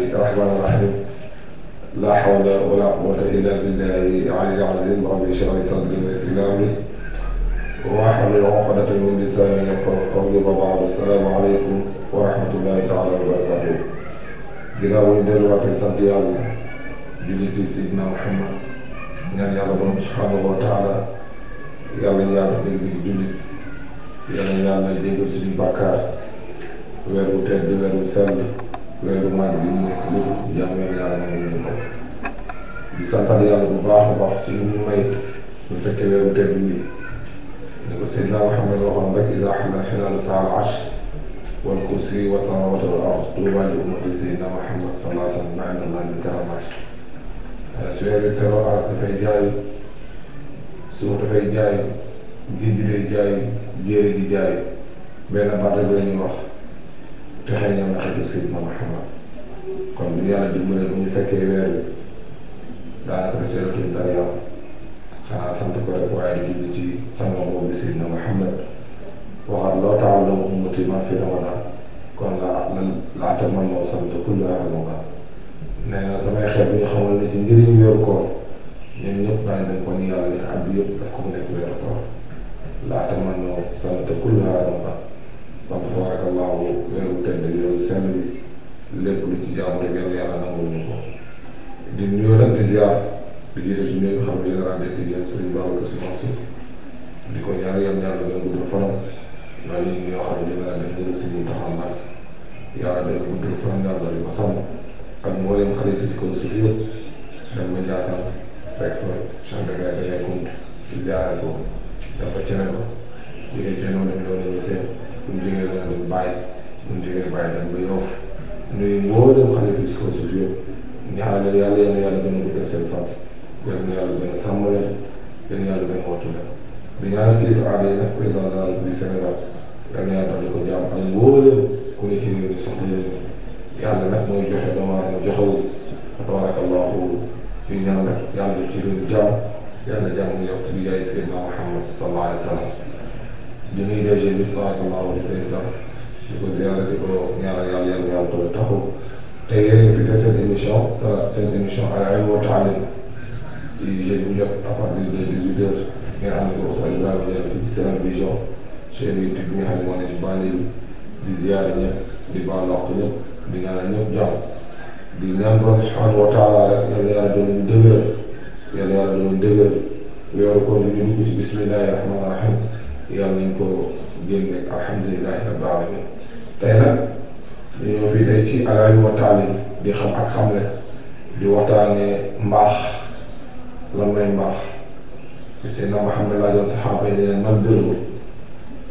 malik rahmaan la hawla wala quwwata illa billahi alil azim rabbi shrah sadri waysir li amri wahlul uqdatan min lisani yafqahu qawli wa ba'd assalaamu aleykum wa rahmatullahi taala wa barakatuh bu ñu delluwaatee sant yàlla julli ci Seydina Muhammad ñaan yàlla borom subhaanahu taala yàlla yàlla dégg jullit yàlla yàlla jéggal suñu bàkkaar weer wu weeru màgg bi ñu nekk lépp ci jàmm yàlla may ñu ko di santal yàlla bu baax a baax ci li ñu may ñu fekkee weeru tedd wi ni ko Seydina Muhammad waxoon rek isa xalal xilaalu saal ash wal kursi wa samawati wal ard tuuba li ummati Seydina Muhammad salaa sallam naa ne laa leen karamaat su weer bi teroo aas dafay jaay suuf dafay jaay géej gi day jaay jéere gi jaay benn baat rek la ñuy wax texee ñoom la xaju Seydina Muhammad kon bu yàlla dimbalee bu ñu fekkee weer wi daanaka seetatuñ dara yàlla xanaa sant ko rek waaye di julli ci sama moom bi Seydina Muhammad waxal loo taal la ummati ma fi ramadaan kon laa lan laata man moo sant kulli ramadaan nee na samay xel ñu xamal ne ci njëriñ weeru koor ñoom ñëpp daañu dañ ko ñu yàlla ne at bi yëpp daf ko mu nekk weeru koor laata man moo sant kulli Saint-Louis lépp lu ci jaamu rek yàlla yàlla nangul ñu ko di nuyoo nag di ziar di jiite suñu yëpp xam général des Tidianes Serigne Babacar Sy Mansour di ko ñaar yam ñaar gën gudd fanam ñoo ñu ñoo xam général des Tidianes Serigne Mountakha Mbacké yàlla gën gudd fanam yàlla di ko sàmm ak mboolem xale yi ci kaw suuf yëpp dem ba Ndiassane rek fa chandaga da ngay compte ziare ko dafa cene ko jógee cene dem yow dañu seen bu ñu jógee dana dem bàyyi ñun Tigre Baye dañ ba yoof nuyu mboolem xalifa si kaw suuf yëpp ñaanal yàlla yal na yàlla gën a guddal seen fan yal na yàlla gën a sàmm leen yal na yàlla gën a wattu leen di ñaanal kilifa aada yi nag président de la République Sénégal yal na yàlla dolli ko jàmm ak mboolem ku ne ci réew mi soxla yéen yàlla nag mooy joxe damaa ma joxewul tabarakallahu ñu ñaan rek yàlla ci lu jàmm yàlla jàmm yokk bi yaay Seydina Muhammad sallallahu alayhi wa sallam di nuyu DG bi tabarakallahu di seen sax di ko ziare di ko ñaanal yàlla yàlla yàlla doon taxaw te yéen a ngi fi def seen émission sa seen émission al di jeudi bu njëkk à partir de 18h ngeen ànd ko bi nga xam ne moo di ziare ñëpp di baal di ñaanal ñëpp jàmm di ñaan borom subhanahu wa taala rek yàlla doon ñu dëgëral yàlla doon ñu dëgëral weeru ko ñu bismillahi rahmaani rahim yàlla nañ ko génne alhamdulilahi rabbil alamin tey nag ñu ñëw fii tey ci alaayu waxtaane di xam ak xamle di waxtaane mbaax lan mooy mbaax seen na Muhammad laa doon saxaaba yi leen man dëru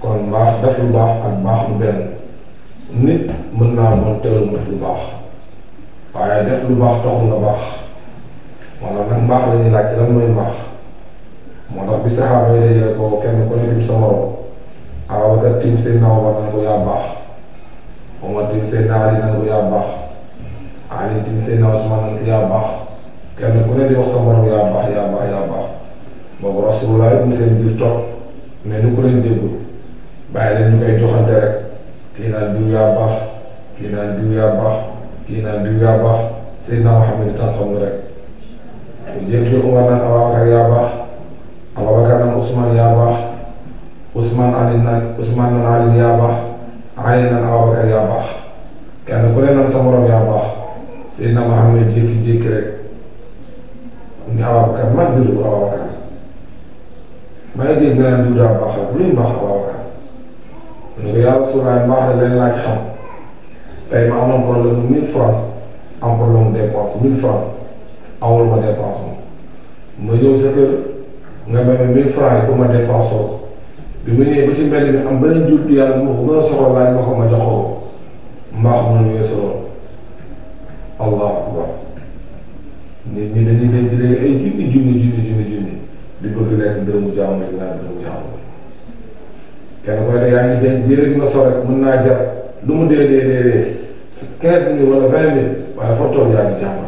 kon mbaax def lu baax ak mbaax mu benn nit mën naa moom teewlu mu def lu baax waaye def lu baax taxul nga baax maanaam nag mbaax la ñuy laaj lan mooy mbaax moo tax bi saxaaba yi dajale ko kenn ku nekk sa morom Ababacar tiim seen naaw ba naan ko yaa baax Omar tamit Seydina Ali nan ko Ali tamit Seydina Ousmane nan ko yaa baax di wax sa morom yaa baax yaa baax yaa baax boobu Rasulullah mu seen biir nu ko leen déglu bàyyi leen ñu koy joxante rek kii naan diw yaa baax kii naan diw yaa baax kii naan diw yaa baax Seydina Mohamed itam xam nga rek bu jékki Omar naan Ababacar yaa baax Ababacar xale nan Ababacar yaa baax kenn ku ne nan sa morom yaa baax Seydina Muhammad jékki-jékki rek ni Ababacar man biir bu Ababacar maa ngi dégg nga naan diw daa baax la bu luy baax Ababacar mu ne ko yàlla suulaay mbaax la leen laaj xam tey ma amoon problème mille francs am problème dépense mille francs amul ma dépense moom ma ñëw sa kër nga mel ne mille francs ma dépense ko bi mi am beneen jur gi yàlla moo ko gën a soxla laaj ma ko ma jox ko mbaax mu nu weesoo allahu akbar nit ñi dañuy denc léegi ay junni junni junni junni di bëgg lekk dërëmu jaamu yi naan dërëmu jaamu kenn koy ne yaa ngi denc yére bi nga sol rek mën naa jar lu mu dee dee dee dee quinze wala vingt mille waaye foofu tool yaa ngi jaamu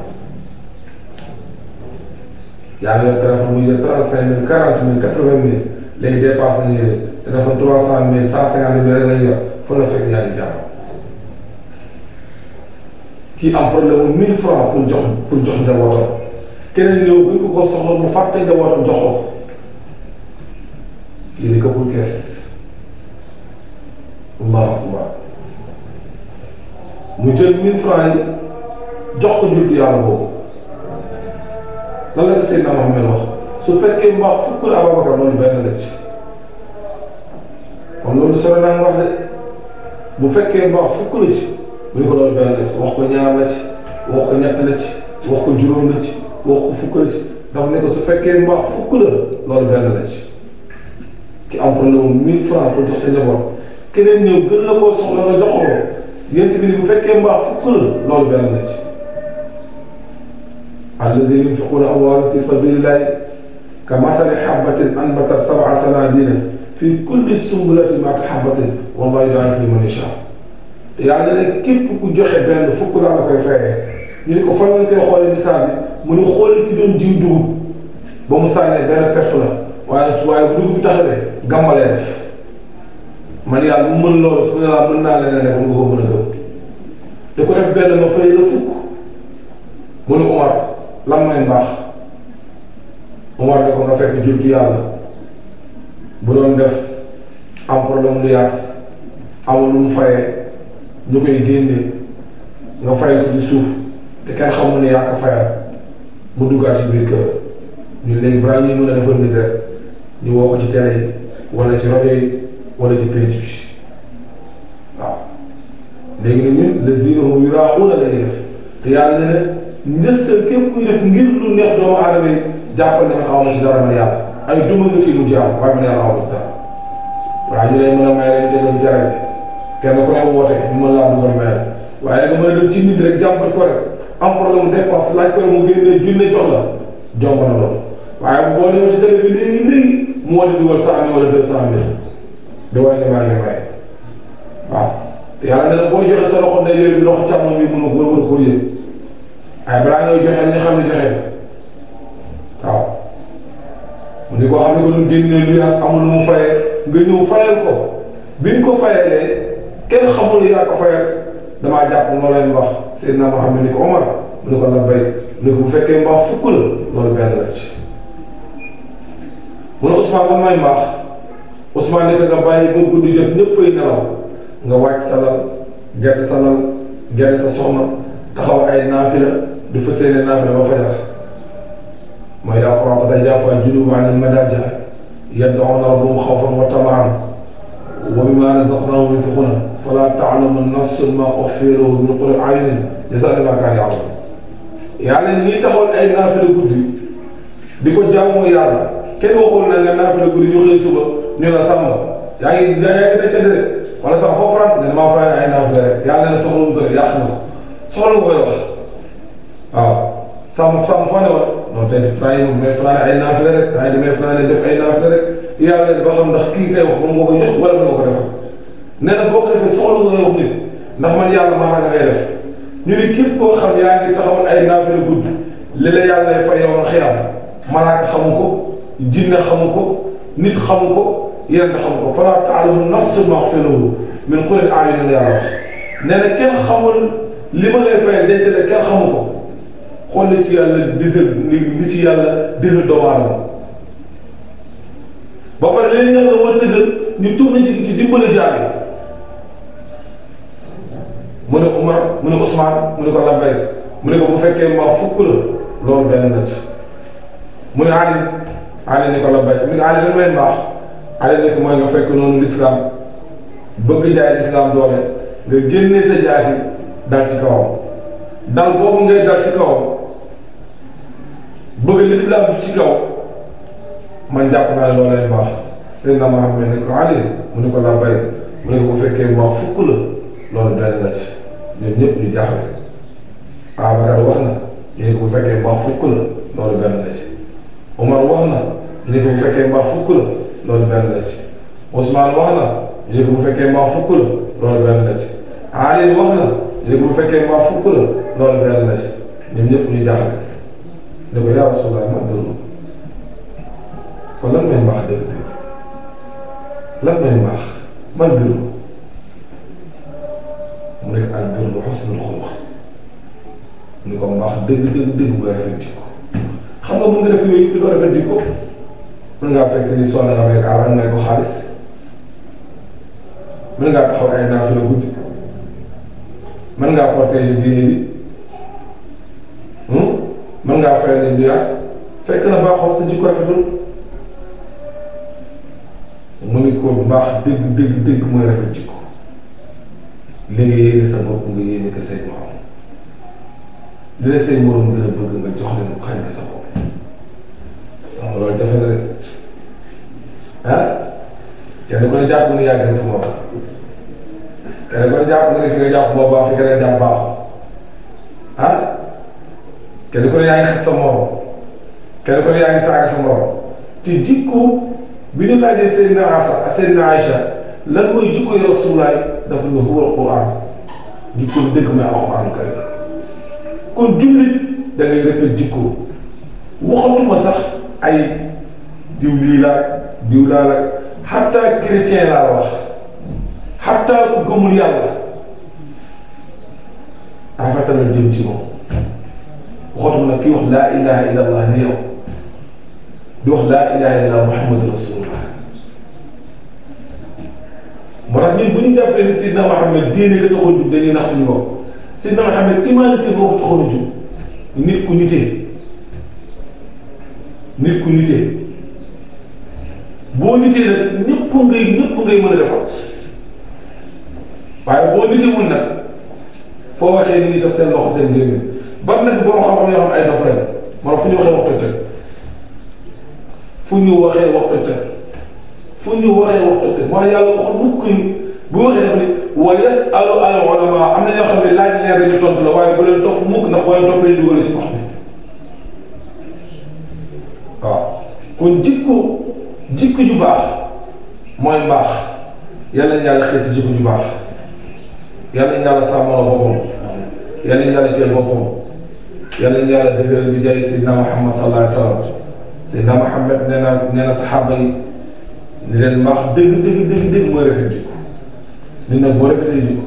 yaa ngi yor téléphone mu yor trente cinq mille quarante léegi dépassé nañu leen téléphone trois cent mille cent cinquante mille rek la ñu yor fa la fekk yaa ngi kii am problème mu mille jox pour jox njabootam keneen ñëw bu ñu ko soxla mu fàtte njabootam joxoo kii di këppul kees allahu mu jël mille francs jox ko njur yàlla boobu lan la ko su fekkee mbaax fukk la Ababacar loolu benn la ci kon loolu sori naa wax bu fekkee mbaax fukk la ci bu ñu loolu benn la ci wax ko ci wax ko ñett la ci wax ko ci wax ko ci daf ne ko su fekkee mbaax fukk la loolu benn la ci ki am problème mu 1000 francs pour jox sa njaboot keneen ñëw gën la koo soxla loolu benn la ci allazina yunfiquna amwaalahum fi ka masali xabatin anbatat sab'a sanaabila fi kulli sumbulati mi'atu xabatin wallaahu yudaa'ifu liman yashaa yàlla ne képp ku joxe benn fukk laa la koy fayee ñu ne ko fan lañ koy xoolee misaal bi mu ne ki doon jiw dugub ba mu sànnee benn perte la waaye waaye bu dugub taxawee gàmmalee def man yàlla mu mën loolu su ne laa mën naa leen rek ko mën a ku def benn ma fay la fukk mu ne Omar lan Omar ne ko nga fekk jur gi yàlla bu doon def am problème lu yaas amul lu mu fayee ñu koy génne nga fay ko ci suuf te kenn xamul ne yaa ko fayal mu duggaat ci biir kër ñu léegi balaa ñuy mën a defal nit rek ñu woo ko ci télé yi wala ci rajo yi wala ci pénc bi waaw léegi nag ñun les jours yu raaxul la lay def te yàlla ne njëstal képp kuy def ngir lu neex doomu aadama yi jàppal ne xaw ma ci dara ma yàlla ay duma nga ci lu ci waaye ma ne yàlla xaw ma ci waaye ñu a may ne laa dugal may rek waaye nga mën a dem ci ko rek am problème dépense laaj ko rek mu génnee junne jox la jomb na loolu waaye boo demee ci télé mu wane dugal cent mille wala deux cent mille di ne la boo joxe sa loxo ko war a waaye balaa ngay joxe nga xam ne joxe na waaw mu ni koo xam ne ko lu génnee lu yaas amul lu mu fayee nga ñëw fayal ko biñ ko fayalee kenn xamul yaa ko fayal damaa jàpp moo leen wax Seydina Muhammad ni ko Omar mu ne ko la bay mu ne ko bu fekkee mbaax fukk la loolu benn la ci mu ne Ousmane ba may mbaax Ousmane nekk nga bàyyi ba guddi jot ñëppay nelaw nga wàcc sa lal gerte sa lal gerte sa soxna taxaw ay naafila di fa séenee naafila ba fajar mooy daa ko wax tatajaafa junuubuhum anil madaaji yad'uuna rabbahum xawfan wa tamaan wa mimmaa razaqnaahum yunfiquun falaa ta'lamu nafsun maa uxfiya lahum min qurrati a'yunin jazaa bimaa kaanuu ya'maluun yàlla ni ñuy taxawal ay naafila guddi di ko jaamoo yàlla kenn waxul na nga naafila guddi ñu xëy suba ñu la sàmm yaa ngi yaa ngi dëkk dëkk wala sax foofu ran nga ne maa fay ay naafila rek yàlla na soxla mu bëri yàq na ko soxla nga waaw sàmm sàmm foo ne woon ay naafile rek bàyyi def ay naafile rek ne ba xam ndax kii wax moom moo ko jox wala moo ko defal nee na boo ko defee soxla nga koy wax nit ndax man yàlla maa ñu ne képp koo xam yaa ngi taxawal ay naafile gudd li la yàlla fay yow xiyam malaaka xamu ko jinne xamu ko nit xam ko yenn xamu ko falaa taalamu nafsun maa uxfiya lahum min qurrati wax nee na kenn li ma lay fay denc la kenn xamu ko. ko na ci yàlla désal ni ci yàlla désal doomu aadama ba pare léegi yàlla wërsëgal na ci ci dimbali jaar yi mu ne Umar mu ne Ousmane mu ne ko Lambey mu ko bu fekkee ma fukk la loolu benn la ci mu ne Ali Ali ne ko Lambey mu ne Ali lan may mbaax Ali ne mooy nga fekk noonu lislaam bëgg jaay lislaam doole nga génnee sa jaasi dal ci kawam dal boobu ngay dal ci kawam. bëgg lislaam bi ci kaw man jàpp naa ne loolay baax seen na ma xam ne ko àndil mu ne ko laa bay mu ne ko bu fekkee mbaax fukk la loolu benn la ci ñun ñëpp ñu jaaxle Ababacar wax na ñu ne ko bu fekkee mbaax fukk la loolu benn la ci Omar wax na ñu ne ko bu fekkee mbaax fukk la loolu benn la ci Ousmane wax na ñu ne ko bu fekkee mbaax fukk la loolu benn la ci Ali wax na ñu ne ko bu fekkee mbaax fukk la loolu benn la ci ñun ñëpp ñu jaaxle. ne ko yaa Rasulallah man dëgg kon lan mooy mbaax dëgg dëgg lan mooy mbaax man dëgg mu ne al birru husnul xuluq ni ko mbaax dëgg dëgg dëgg bu rafet jikko xam nga bu nga def yooyu doo rafet jikko mën ngaa fekk ni soxla nga may aaral may ko xaalis mën ngaa taxaw ay naaf la guddi mën ngaa protéger diine bi ngaa fay ni luyaas fekk na si sa jikko rafetul mu ni ko baax dëgg dëgg dëgg mooy rafet jikko li nga yéene sa bopp nga yéene ko say morom li la say morom gën a bëgg nga jox leen xañ ko sa bopp sama loolu jafe na rek ah kenn ku ne jàpp nga yàgg na sa morom kenn ku ne jàpp nga ne fi nga jàpp moo baax fi keneen jàpp baaxul ah kenn ku ne yaa ngi xas sa morom kenn ku ne yaa ngi saaga sa morom te jikko bi ñu laajee Seydina Asa Seydina lan mooy jikko yi Rasulullaay dafa ne huwa alquran jikko dëgg mooy alquran karim kon jullit da ngay rafet jikko ay diw lii laa diw laa la xatta chrétien laa la ci waxatul nag kii wax laa ilaha illa allah ni yow di wax laa ilaha illa allah muhammadu rasulullah moo tax ñun bu ñu jàppee ni Sidna Mohamed diine la taxoon jug dañuy nax suñu bopp Sidna Mohamed humanité boo ko taxoon jug nit ku nitee nit ku nitee boo nitee nag ñëpp ngay ñëpp ngay mën a defar waaye boo nitewul nag foo waxee ni ngi def seen loxo seen njëriñ bari na fi borom xam-xam yoo xam ay dof lañ maanaam fu ñu waxee wax koy teg fu ñu waxee wax koy teg fu ñu waxee wax koy teg maanaam yàlla waxoon mukk ni bu waxee dafa ni wa yasalu al na ñoo xam ne laaj leer rek ñu tontu la waaye bu leen topp mukk ndax boo leen toppee dugal ci wax bi waaw kon jikko jikko ju baax mooy mbaax yàlla na yàlla xeeti jikko ju baax yàlla na yàlla sàmmaloo boppam yàlla na yàlla teel boppam yàlla ñu yàlla dëgëral bi jëri Seydina Muhammad sallallahu alayhi wa sallam Seydina Muhammad nee na nee na saxaaba yi ni leen maax dëgg dëgg dëgg dëgg mooy rafet jikko nit nag boo rafetee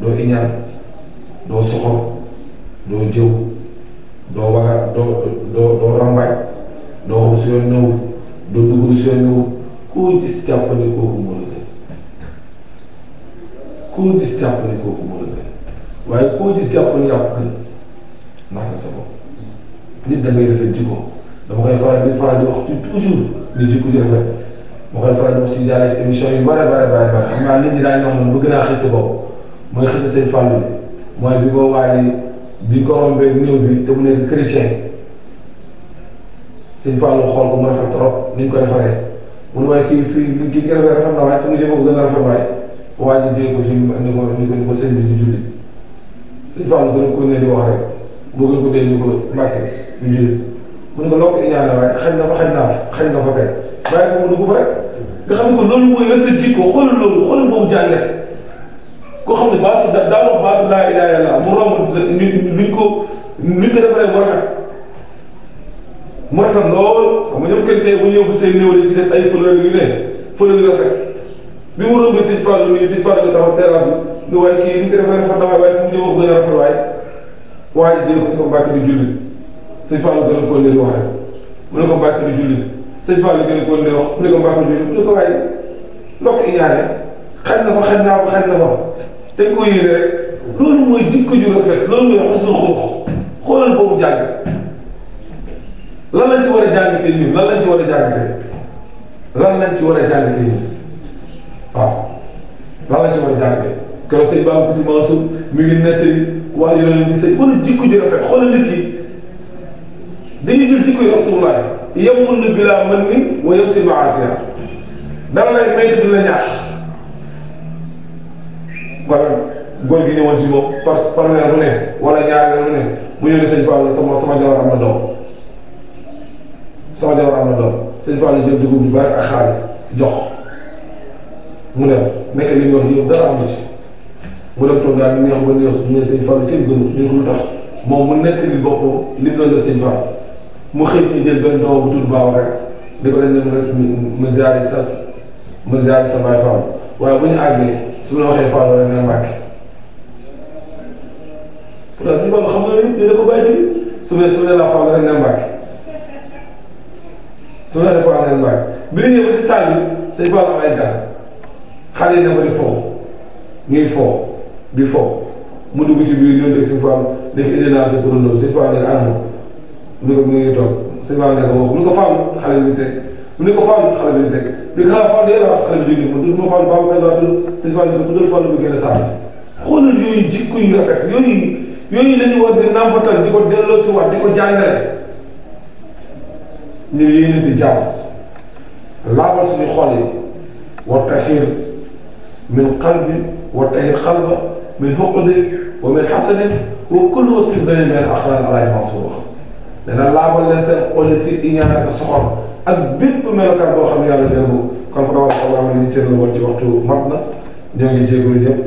doo iñaan doo soxor doo jëw doo wagar doo doo doo rambaaj doo xom si yoon doo dugg si yoon nëwu koo gis jàpp ne kooku moo la gën koo gis jàpp ne kooku moo la gën waaye koo gis jàpp ne yàpp ndax nga sa bopp nit da ngay rafet jikko dama koy faral di faral di wax ci toujours ni jikko ji rafet ma koy faral di wax ci daal ci émission yu bare bare bare bare xam naa nit ñi daañu wax noonu bëgg naa xis sa bopp mooy xis seen fàllu bi mooy bi ko waaye bi ko rombee néew bi te mu nekk chrétien seen fàllu xool ko mu rafet trop ni ñu ko defaree mun waaye kii fii kii nga rafet rafet na waaye fu mu jëm ko gën a rafet waaye waa ji dégg ko ci ni ko ni ko sëñ bi ñu julli seen fàllu gën a ko ne boo ko guddee ñu ko Mbàkke ñu jëlee mu ne ko loo ko ñaanal waaye xañ na fa xañ naa fa xañ na fa kay bàyyi ko mu dugg fa rek nga xam ne ko loolu mooy rafet jikko xoolal loolu xoolal boobu jàngat koo xam ne baatu da daa wax baatu laa ilaaha illallaah mu romb luñ ko luñ ko defaree mu rafet mu rafet lool xam nga ñoom kër tey bu ñëw bu seen néew ci def ay fleur yu ne fleur yu rafet bi mu rombee sëñ Fallou nii sëñ Fallou taxaw terrasse bi waaye kii ni ko defaree fa dafay waaye fu mu ñëw wax gën a rafet waaye waaye dina ko Mbàkke di jullit sëñ Fallou gën a ko leen wax rek mu ne ko Mbàkke di jullit sëñ Fallou gën a ko leen wax mu ne ko Mbàkke di jullit mu ne ko waaye loo ko iñaane xañ na fa xañ naa fa xañ na fa dañ ko yéene rek loolu mooy jikko ju rafet loolu mooy xasul xoox xoolal boobu jàng lan lañ ci war a jàng tey ñun lan lañ ci war a jàng tey lan lañ ci war a jàng tey ñun waaw lan lañ ci war a jàng tey keroog sëñ Babacar waaye yore leen di sëy wala ji rafet xoolal nit yi dañuy jël jikko yi rasulullah yemoon na bilaa mën ni wa yem si maasiya dara lay may du la ñaax wala góor gi ñëwoon si moom par par weer bu ne wala ñaar weer bu ne bu ñëwee sëñ Fallou sama sama jawar am na doom sama jawar am na doom sëñ Fallou jël dugub bu bari ak xaalis jox mu dem nekk li ñu wax yow dara am mu dem toog daal neex ba neex su ne sëñ Fallou kenn gënu ñu ko lu tax moom mu nett bi boppam li doon def sëñ Fallou mu xëy ñu jël benn doom bu tudd baaw rek di ko dañ ne ma ziare sa ma ziare sa baay Fallou waaye bu ñu àggee su ma la waxee Fallou rek ne Mbàkke pourtant suñu Fallou xam nga ne dina ko bàyyi ci su ma su ma la Fallou rek ne Mbàkke la Fallou ne Mbàkke bi ñu ñëw ba ci salle bi sëñ Fallou ay gan xale yi dafa di foo ñuy di fo mu dugg ci biir ñoom de suñu faam ne ko indi naa sa turandoo suñu faam ne ko anam mu ne ko mu ngi toog suñu faam ne ko moom mu ne ko faam xale bi teg mu ne ko faam xale bi teg mu ne ko xanaa faam day wax xale bi jógee mu ne ko faam baabu kan laa tudd suñu faam ne ko tuddal faam bu gën a jikko yu rafet yooyu yooyu la ñu war di nàmpatal di ko delloo si waat di ko jàngale ñu yéenante jàmm laabal suñu xol yi wa tahir min qalbi wa tahir qalba من حقدك ومن حسدك وكل واstiqzaal min al-aqdaar alaa mansuura nee na laabal leen seen xol si iñaan ak soxor ak bépp melokaan boo xam ne yàlla gërëmu kon fa wax Allah ni ñu teel la woon ci waxtu mat na ñoo ngi jégalu ñëpp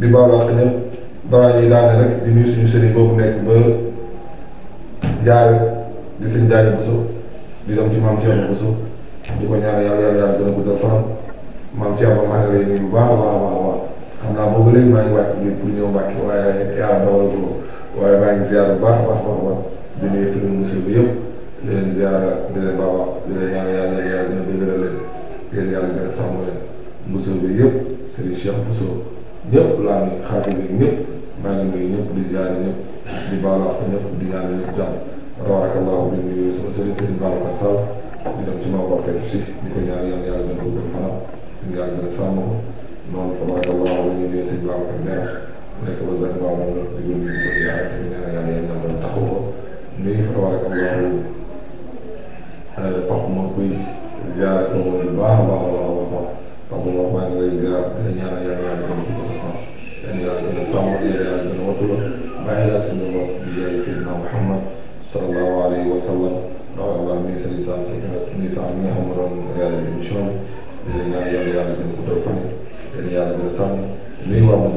di baalu ak ñëpp balaa ñuy daane rek di nuyu suñu sëriñ boobu nekk ba jaare di sëñ jaare Bousso di dem ci maam Thierno Bousso di ko ñaanal yàlla yàlla yàlla gën a guddal fanam maam Thierno maa ngi lay nuyu bu baax a baax a xam naa boobu léegi maa ngi wàcc ngir pour ñëw Mbàkke waaye yàlla dogal ko waaye maa ngi ziar bu baax a baax baax baax di nuyu film musul bi yëpp di leen ziar di leen baax baax di leen ñaan yàlla yàlla gën a dëgëral leen di leen yàlla gën a sàmm leen musul bi yëpp Serigne Cheikh Bousso ñëpp laa ni xaati bi ñëpp maa ngi nuyu ñëpp di ziar ñëpp di baal wax ñëpp di ñaan ñëpp jàmm tabaarakallaahu di nuyu sama sëriñ Serigne Babacar Sall di dem ci Maodo Fène si di ko ñaan yàlla yàlla gën a gudd fanam di yàlla gën a sàmm ko moom tabarakallah bu ñu ñëwee sëñ Babacar Mbengue nekk ba Zane Ba moom la ko yónni ko ziar te ñu ñaan yàlla yéen doon taxaw ko nuyu fa tabarakallah pax ma koy ziar ko moom bu baax a baax a baax a baax pax ma maa ngi lay ziar te ñaan yàlla yàlla doon ko sa pax yéen yàlla gën a sàmm yéen yàlla gën a wattu la bàyyi laa suñu bopp di jaay Seydina Muhammad sallallahu alayhi wa sallam waaw waaw mi ngi sëñ Sane sëñ bi nag mi ngi sàmm mi nga xam ne doon réalisé émission bi sax nuyuwaat